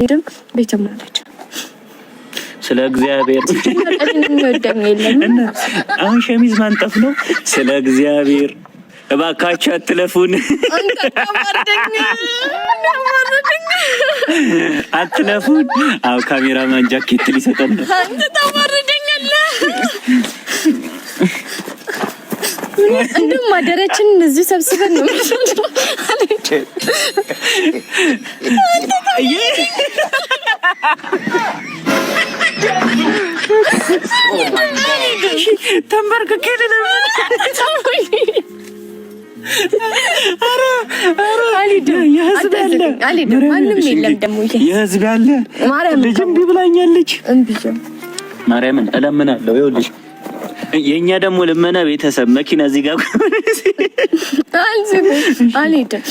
ካልሄድን ቤትም አለች። ስለ እግዚአብሔር አሁን ሸሚዝ ማንጠፍ ነው። ስለ እግዚአብሔር እባካችሁ አትለፉን፣ አትለፉን። አዎ ካሜራማን ጃኬት ሊሰጠን ነው። እንደውም ማደሪያችን እዚህ ሰብስበን ነው ተንበርክኬ የህዝብ ያለ ልጅ እምቢ ብላኛለች። ማርያምን እለምናለሁ። ይኸውልሽ የእኛ ደግሞ ልመና ቤተሰብ መኪና እዚህ ጋር አልሄድም።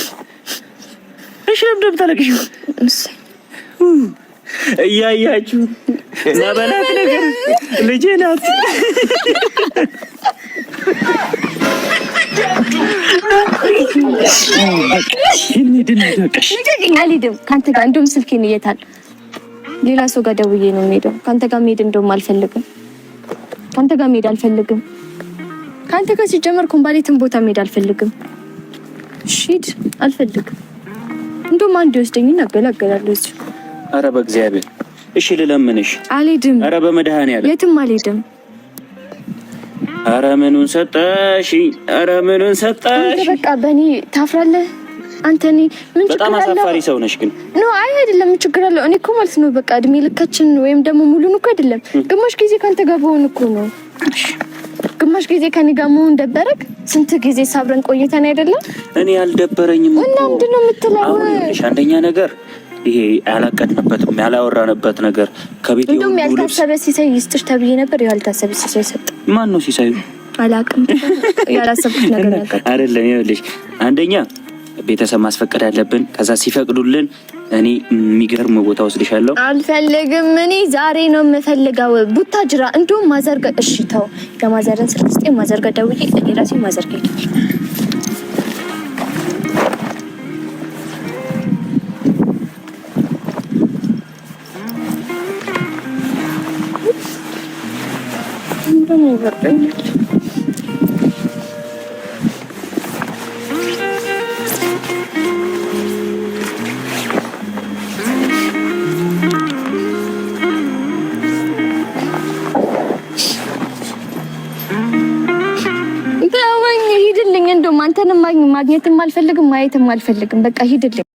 እሺ ለምደም ታለቅሽ እያያችሁ ማበላት ነገር ልጄ ናት። አልሄድም ከአንተ ጋር እንደውም ስልኬን እየታል ሌላ ሰው ጋር ደውዬ ነው የምሄደው። ከአንተ ጋር መሄድ እንደውም አልፈልግም። ከአንተ ጋር መሄድ አልፈልግም። ከአንተ ጋር ሲጀመር ኮምባሌትን ቦታ መሄድ አልፈልግም። ሺድ አልፈልግም። እንደውም አንድ ይወስደኝና አገላገላለሁ እዚሁ አረ በእግዚአብሔር እሺ፣ ልለምንሽ። አልሄድም። ኧረ በመድኃኔዓለም የትም አልሄድም። አረ ምኑን ሰጠሽ? አረ ምኑን ሰጠሽ? በቃ በእኔ ታፍራለህ አንተ። እኔ ምን ችግር አለው? በጣም አሳፋሪ ሰው ነሽ ግን። ኖ አይ አይደለም፣ ምን ችግር አለው? እኔ እኮ ማለት ነው በቃ እድሜ ልካችን ወይም ደግሞ ሙሉን እኮ አይደለም፣ ግማሽ ጊዜ ካንተ ጋር በሆን እኮ ነው ግማሽ ጊዜ ከኔ ጋር መሆን ደበረክ። ስንት ጊዜ ሳብረን ቆይተን አይደለም? እኔ አልደበረኝም እኮ እና ምንድን ነው የምትለው? አንደኛ ነገር ይሄ ያላቀድንበትም ያላወራንበት ነገር ከቤት እንደውም ያልታሰበ ሲሳይ ይስጥሽ ተብዬ ነበር። ያልታሰበ ሲሳይ ሰጠ። ማን ነው ሲሳዩ? አላውቅም። ያላሰብኩት ነገር ነገር አይደለም። ይኸውልሽ አንደኛ ቤተሰብ ማስፈቀድ አለብን። ከዛ ሲፈቅዱልን እኔ የሚገርም ቦታ ወስድሻለሁ። አልፈልግም። እኔ ዛሬ ነው የምፈልገው ጅራ። እንዲሁም ማዘርገ እሺ፣ ተው ለማዘረን ስልክ ስጤ ማዘርገ ደውዬ እኔ ራሴ ማዘርገ ደግሞ ይበርደኛል። ተወኝ፣ ሂድልኝ። እንደውም አንተንም ማግኘትም አልፈልግም ማየትም አልፈልግም። በቃ ሂድልኝ።